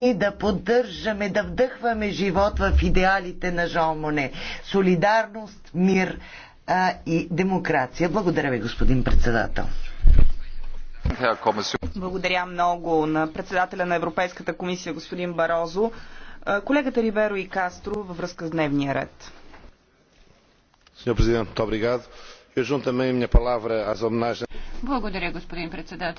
и да поддържаме, да вдъхваме живот в идеалите на Жан Моне. Солидарност, мир а, и демокрация. Благодаря ви, господин председател. Благодаря много на председателя на Европейската комисия, господин Барозо. Колегата Риберо и Кастро във връзка с дневния ред. Благодаря, господин председател.